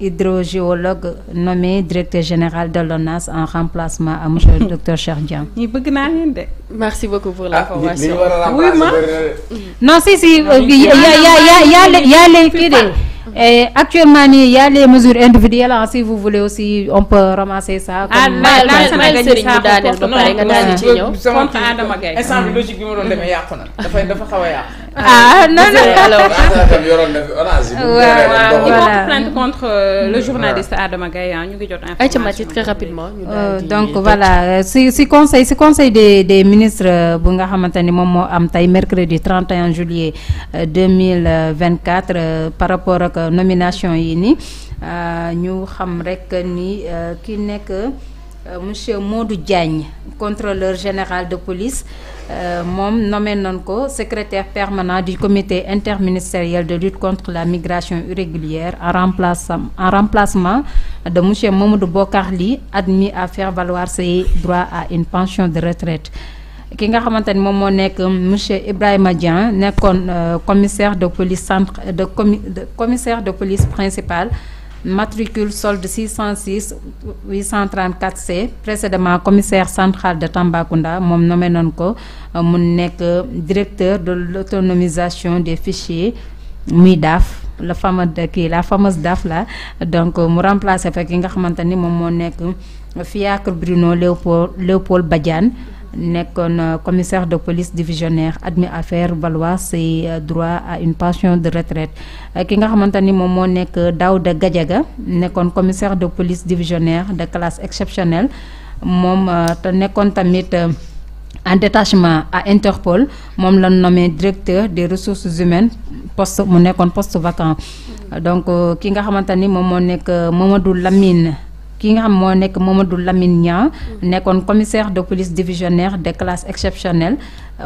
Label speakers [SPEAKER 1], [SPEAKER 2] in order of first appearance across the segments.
[SPEAKER 1] hydrogéologue nommé directeur général de l'ONAS en remplacement à monsieur le docteur Cheikh
[SPEAKER 2] ñi bëgg naa leen de. Ah,
[SPEAKER 1] non si si. Euh, y a y a y a y a les kii de. et actuellement nii y a les mesures individuelles si vous voulez aussi on peut ramasser ça. comme ah
[SPEAKER 2] exemple logique bi ma doon demee mm-hmm. yàqu na dafay dafa xaw yàqu.
[SPEAKER 1] ah non non
[SPEAKER 2] ñu ngi jot information très rapidement. Euh, donc voilà
[SPEAKER 1] euh, si si conseil si conseil des des ministres euh, bu nga xamante ni moom moo am tey mercredi 31 juillet 2024 par rapport ak euh, nomination yi ni euh, ñu xam rek ni euh, ki nekk monsieur Modou Diagne contrôleur général de police moom nommé noon ko secrétaire permanent du comité interministériel de lutte contre la migration irrégulière en remplacement en remplacement de monsieur Mamadou Bokarli admis à faire valoir ses droits à une pension de retraite ki nga xamante ni moom moo nekk monsieur Ibrahima Dieng nekkoon euh, commissaire de police centre de comi commissaire de police principal matricule solde 606 834 C précédemment commissaire central de Tambacounda moom nommé noonu ko euh, mun nekk directeur de l'autonomisation des fichiers muy DAF la fameuse kii la fameuse DAF la donc euh, mu remplacé fa ki nga xamante ni moom moo nekk Fiacre Bruno Léopold Léopold Badiane nekkoon euh, commissaire de police divisionnaire admis à faire valoir ses euh, droits à une pension de retraite euh, ki nga xamante ni moom moo nekk de Gadiaga nekkoon commissaire de police divisionnaire de classe exceptionnelle moom te nekkoon tamit en détachement à Interpol moom la nommé directeur des ressources humaines poste mu nekkoon poste vacant donc ki nga xamante ni moom moo nekk Mamadou Lamine ki nga xam moo nekk Mamadou Lamine Niang mm. nekkoon commissaire de police divisionnaire de classe exceptionnelle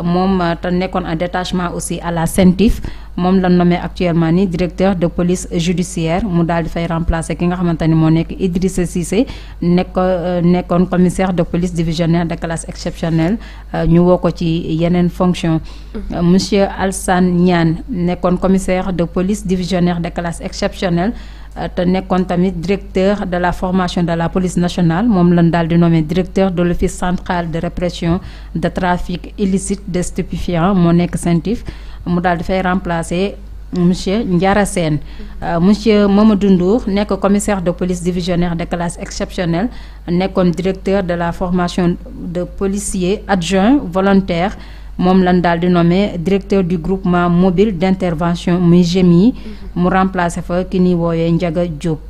[SPEAKER 1] moom euh, te nekkoon en détachement aussi à la CENTIF moom la nommé actuellement ni directeur de police judiciaire mu daal di fay remplacer ki nga xamante ni moo nekk Idrissa Cissé nekk euh, nekkoon commissaire de police divisionnaire de classe exceptionnelle euh, ñu woo ko ci yeneen fonction mm. monsieur alsan ñaan nekkoon commissaire de police divisionnaire de classe exceptionnelle Euh, te nekkoon tamit directeur de la formation de la police nationale moom lan daal di nommé directeur de l'office central de répression de trafic illicite de stupéfiants moo nekk CENTIF mu daal di fay remplacer monsieur Ndiara Sène euh, monsieur Mamadou nekk commissaire de police divisionnaire de classe exceptionnelle nekkoon directeur de la formation de policiers adjoints volontaires moom lan daal di nommé directeur du groupement mobile d'intervention muy GMI mu remplacer fa ki ni wooyee njaga Diop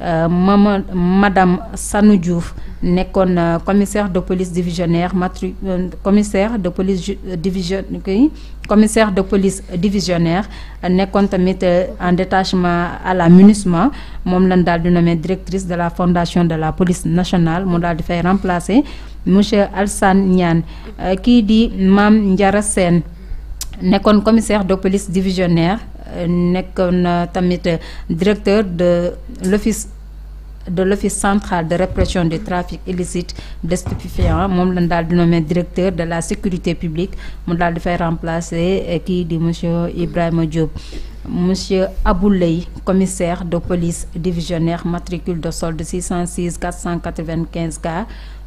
[SPEAKER 1] euh, mama madame Sanou Diouf nekkoon euh, commissaire de police divisionnaire matri euh, commissaire de police division commissaire de police divisionnaire nekkoon tamit en détachement à la MINUSMA moom lan daal di nommer directrice de la fondation de la police nationale mu daal di fay remplacer monsieur Alsane Niane kii di Mame Ndiara Sène nekkoon commissaire de police divisionnaire nekkoon tamit directeur de l'office de l'office central de répression du trafic illicite de moom lan daal di nommé directeur de la sécurité publique mu daal di fay remplacer eh, kii di monsieur Ibrahima Diop. monsieur Aboulay commissaire de police divisionnaire matricule de solde 606 495 K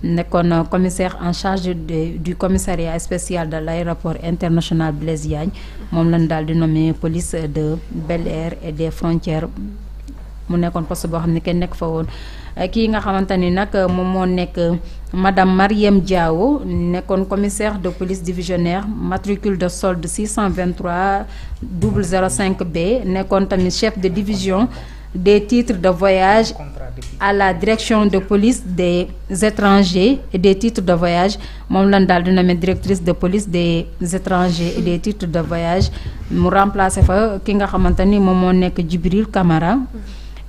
[SPEAKER 1] nekkoon commissaire en charge de du commissariat spécial de l'aéroport international Blaise Diagne moom lañ daal di nommé police de Bel Air et des frontières mu nekkoon poste boo xam ne kenn nekk fa woon euh, kii nga xamante ni nag euh, moom moo nekk euh, madame Mariam Diawo nekkoon commissaire de police divisionnaire matricule de solde 623 005 B nekkoon tamit chef de division des titres de voyage à la direction de police des étrangers des titres de voyage moom lan daal di nommer directrice de police des étrangers des titres de voyage mu remplacer fa ki nga xamante ni moom moo nekk Djibril Camara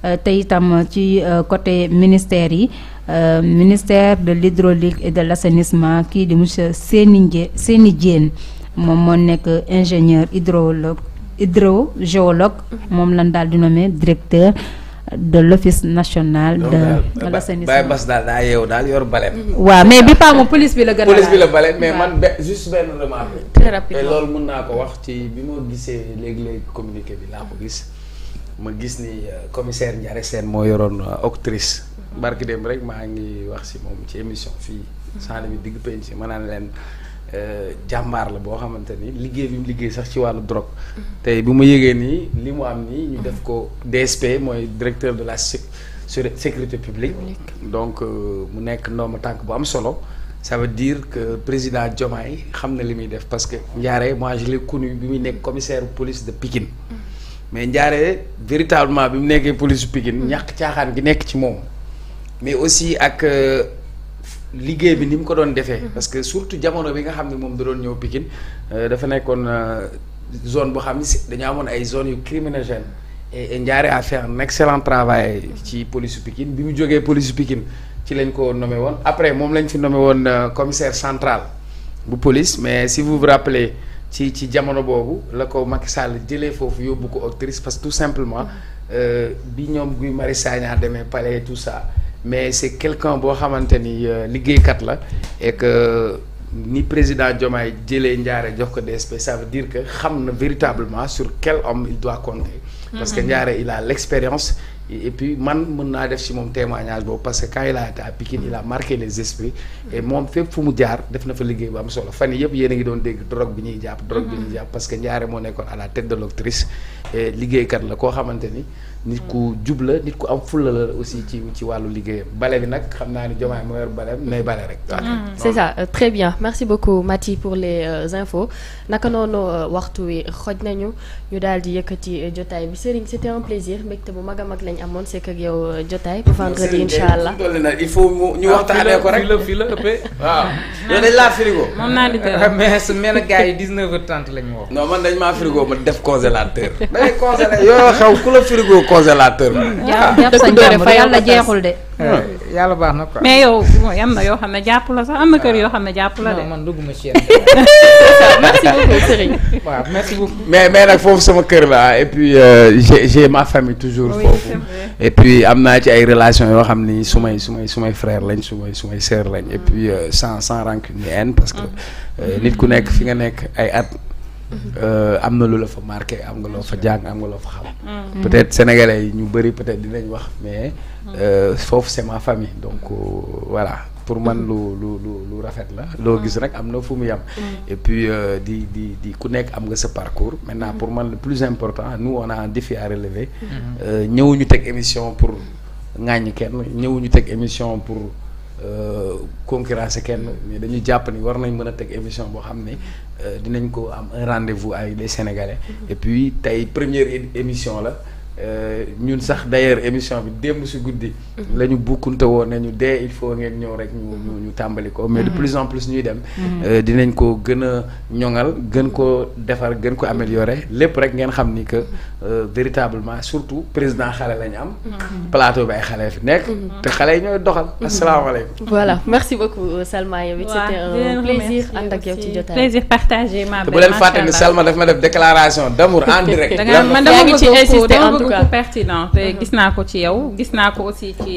[SPEAKER 1] Euh, tey itam ci euh, côté ministère yi euh, ministère de l'hydraulique et de l'assainissement kii di monsieur Seyni Seyni Diène moom moo nekk ingénieur hydrologue hydrogéologue moom lan daal di nommé directeur de l'office national de l'assainissement Baye
[SPEAKER 3] Bass daal daa yeewu daal yor baleem mm-hmm. waa mais bi paa moom police bi la gën a police bi la baleem mais man benn remarque très rapide loolu mën naa ko wax ci bi ma gisee léegi-léegi communiqué bi laa ko gis ma gis ni euh, commissaire Ndiare Sène moo yoroon octrice euh, barki dem rek maa ngi wax si moom ci émission fii sans limite digg penc si ma naan leen euh, jàmbaar la boo xamante ni liggéey bi mu liggéey sax ci wàllu drogue. tey bu ma yëgee nii li mu am nii. ñu def ko DSP mooy directeur de la sécurité publique. donc mu nekk ndoom tànk bu am solo. ça veut dire que président Diomaye xam na li muy def parce que Ndiare moi je l'ai bi muy nekk commissaire police de Pikine. mais Ndiare véritablement bi mu nekkee police Pikine hmm. ñàkk caaxaan gi nekk ci moom mais aussi ak euh, liggéey bi ni mu ko doon defee. Hmm. parce que surtout jamono bi nga xam ne moom da doon ñëw Pikine euh, dafa nekkoon euh, zone boo xam ne si dañoo amoon ay zones yu criminogènes et Ndiare a fait un excellent travail ci police Pikine bi mu jógee police Pikine ci lañ ko nommé woon après moom lañ fi nommé woon commissaire central bu police mais si vous vous ci ci jamono boobu la ko Macky Sall jëlee foofu yóbbu ko actrice parce que tout simplement euh, bi ñoom Guy Marius Sagna demee palais tout ça mais c'est quelqu'un boo xamante ni euh, liggéeykat la et que euh, ni président Diomaye jëlee Ndiare jox ko DSP ça veut dire que xam na véritablement sur quel homme il doit compter parce que mm-hmm. Ndiare il a l'expérience et puis man mën naa def ci moom témoignage boobu parce que quand il a été à Pikine il a marqué les esprits et moom fépp fu mu jaar def na fa liggéey bu am solo fan yëpp yéen ngi doon dégg drogue bi ñuy jàpp drogue bi ñuy jàpp parce que Ndiare moo nekkoon à la tête de l'actrice liggéeykat la koo xamante ni nit ku jub la nit ku am fulla la aussi ci ci wàllu liggéeyam bale bi nag xam naa ni Diomaye moo yor bale nay bale rek. Mm, c'est
[SPEAKER 2] ça euh, très bien merci beaucoup Maty pour les euh, infos naka noonu euh, waxtu wi xoj nañu ñu daal di yëkkati jotaay bi sëriñ c'était un plaisir mbégte bu mag a mag lañ amoon c'est que yow jotaay. bu vendredi incha allah
[SPEAKER 3] il faut ñu ah, waxtaanee ko rek fii la ëppee waaw. yow dañ laa frigo. moom naa di dëgg mais su yi 19h30 lañ wax. non ma def congélateur. da la congélateur bi.
[SPEAKER 2] Mm. yàlla jeexul de. yàlla baax na quoi. mais yow am na yoo xam ne jàpp la sax am na kër yoo xam ne jàpp la de. man dugguma ci merci
[SPEAKER 3] mais mais nag foofu sama kër la et puis euh, j'ai j'ai ma famille toujours foofu. et puis am naa ci ay relations yoo xam ni su may su may su frère lañ su may su may lañ et mm. puis euh, sans sans ni haine parce mm. euh, nit ku nekk fi nga nekk ay at. Euh, am na lu la fa marqué am nga loo fa jàng am nga loo fa xam. Mm. Mm. peut-être sénégalais yi ñu bëri peut-être dinañ wax mais mm. euh, foofu c'est ma famille donc euh, voilà. pour man lu lu lu rafet la loo gis rek am na fu mu yam et puis di di di ku nekk am nga sa parcours maintenant pour man le plus important nous on a un défi à relever ñëwuñu teg émission pour ŋàññi kenn ñëwuñu teg émission pour Euh, concurrencer kenn mais dañu jàpp ni war nañ mën a teg émission boo xam ne euh, dinañ ko am un rendez-vous avec les Sénégalais et puis tey première émission la Euh, ñun sax d'ailleurs émission bi démb si guddi. Mm-hmm. la ñu bukkunte woon nañu dee il faut ngeen ñëw rek ñu ñu tàmbali ko. mais de mm-hmm. plus en plus ñuy dem. Mm-hmm. Euh, dinañ ko gën a ñoŋal gën ko defar gën ko améliorer lépp rek ngeen xam ni que euh, véritablement surtout président xale la ñu am. plateau bi ay xale fi nekk. te xale yi ñooy doxal. asalaamaaleykum. voilà
[SPEAKER 2] merci beaucoup Salma yow it c'était un plaisir ànd ak yow ci jotaay. bu leen fàtte
[SPEAKER 3] Salma daf ma def déclaration d'amour en direct.
[SPEAKER 2] tout cas pertinent te mhm. gis naa ko ci yow gis naa ko aussi ci.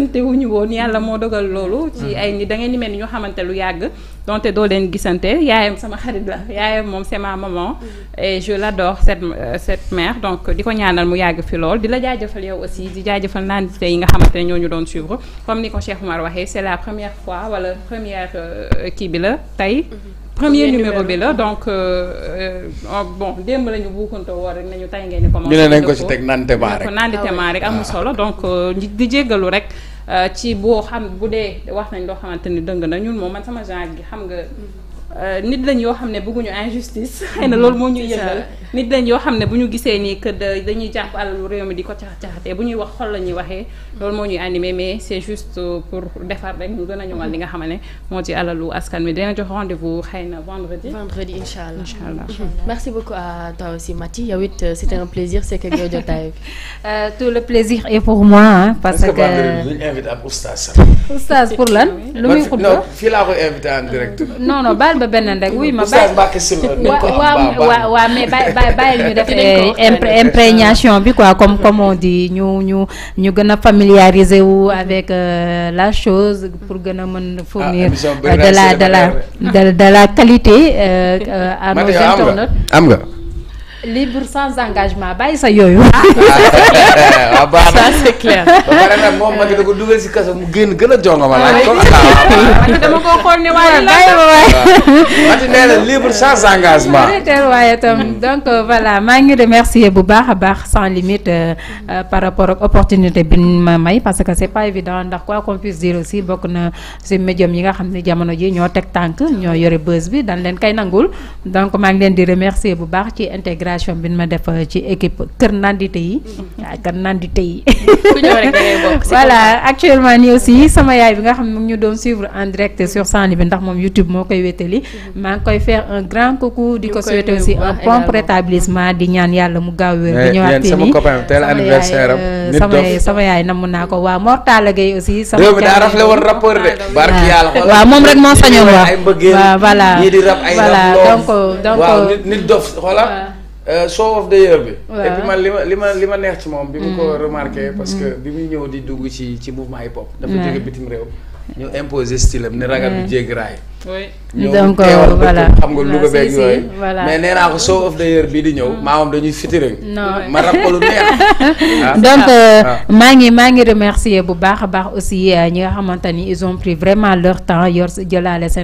[SPEAKER 2] gisante wuñu woon yàlla moo dogal loolu. ci mm-hmm. ay ni da ngeen di mel ni ñoo xamante lu yàgg. donte doo leen gisante yaayam sama xarit la yaayam moom c'est ma maman. Mm-hmm. et je l'adore cette euh, cette mère di ko ñaanal mu yàgg fi lool di la jaajëfal yow aussi di jaajëfal naan tey yi nga xamante ne ñoo ñu doon suivre comme ni ko Cheikh Oumar waxee c'est la première fois wala première euh, kii bi la tey. Mm-hmm. premier numéro bi la donc euh, oh, bon démb la ñu buukunto woo rek nañu tey ngeen di. commencé ñu ne ko ci teg naan ah, amul ah. solo donc di jéggalu rek. ci boo xam bu dee wax nañ loo xamante ni dëng nañu ñun moom man sama genre gi xam nga mm-hmm. Euh, nit lañ yoo xam ne bëgguñu injustice. Mm-hmm. xëy na loolu moo ñuy yëngal nit lañ yoo xam ne bu ñu gisee nii que dañuy jàpp alalu réew mi di ko cax bu ñuy wax xol la ñuy waxee. Mm-hmm. loolu moo ñuy animé mais c' juste pour defar rek ñu gën a ñëwal li nga xam ne moo ci alalu askan mi dina jox rendez vous xëy vendredi. vendredi incha allah incha allah. pour moi hein,
[SPEAKER 1] parce que bu lu muy
[SPEAKER 3] xutba fii laa ko invité direct.
[SPEAKER 1] non baal ba beneen rek wuy ma bàyyi waaw waaw waaw mais bàyyi bàyyi ñu def eh, imprégnation bi quoi comme comme on dit ñu ñu ñu gën a familiariser wu avec euh, la chose pour gën a mën fournir ah, euh, de la de la de la qualité euh, à nos internautes am nga libre sans engagement bàyyi sa yooyu.
[SPEAKER 3] ah baax na gën a jongama laaj ah, ah, ah, engagement.
[SPEAKER 1] waaye itam hmm. donc euh, voilà maa ngi remercier bu baax a baax sans limite euh, euh, par rapport ak opportunité bi ma may parce que c'est pas évident ndax quoi qu'on puisse dire bokk na si médium yi nga xam ne jamono ji ñoo teg tànk ñoo yore bës bi dañ leen kay nangul donc maa ngi leen di remercier bu baax ci intégration considération bi ma def euh, ci équipe kër nandite yi. Mm-hmm. waaw kër nandite yi. voilà actuellement nii aussi sama yaay bi nga xam ne ñu doon suivre en direct sur Sanly bi ndax moom YouTube moo koy wétali. Mm-hmm. maa ngi koy faire un grand coucou. di ko souhaiter aussi un prompt rétablissement di ñaan yàlla mu gaaw wér. di eh, ñëwaat fii nii sama euh, yaay sama yaay namm naa ko waaw Mor Talla aussi. sama jaay daa rafle woon
[SPEAKER 3] rapport de. barki yàlla waaw moom rek moo sañoon wax. waaw voilà voilà donc donc. waaw nit nit dof Euh, show of the year bi. et li ma li ma li ma neex ci moom. bi mu ko mm. remarqué mm. parce que bi muy ñëw di dugg ci ci mouvement hip hop. dafa jóge bitim réew. ñu imposer style am ne ragal du jéggi raay. donc euh, voilà xam nga Louga beeg yooyu. mais nee naa ko show of the year bii di ñëw. Mm. maamam dañuy fitiri. ma rab ko lu neex. Ah. donc euh,
[SPEAKER 1] ah. maa ngi maa ngi remercier bu baax a baax aussi ñi nga xamante ni ils ont pris vraiment leur temps yor jëlaale seen.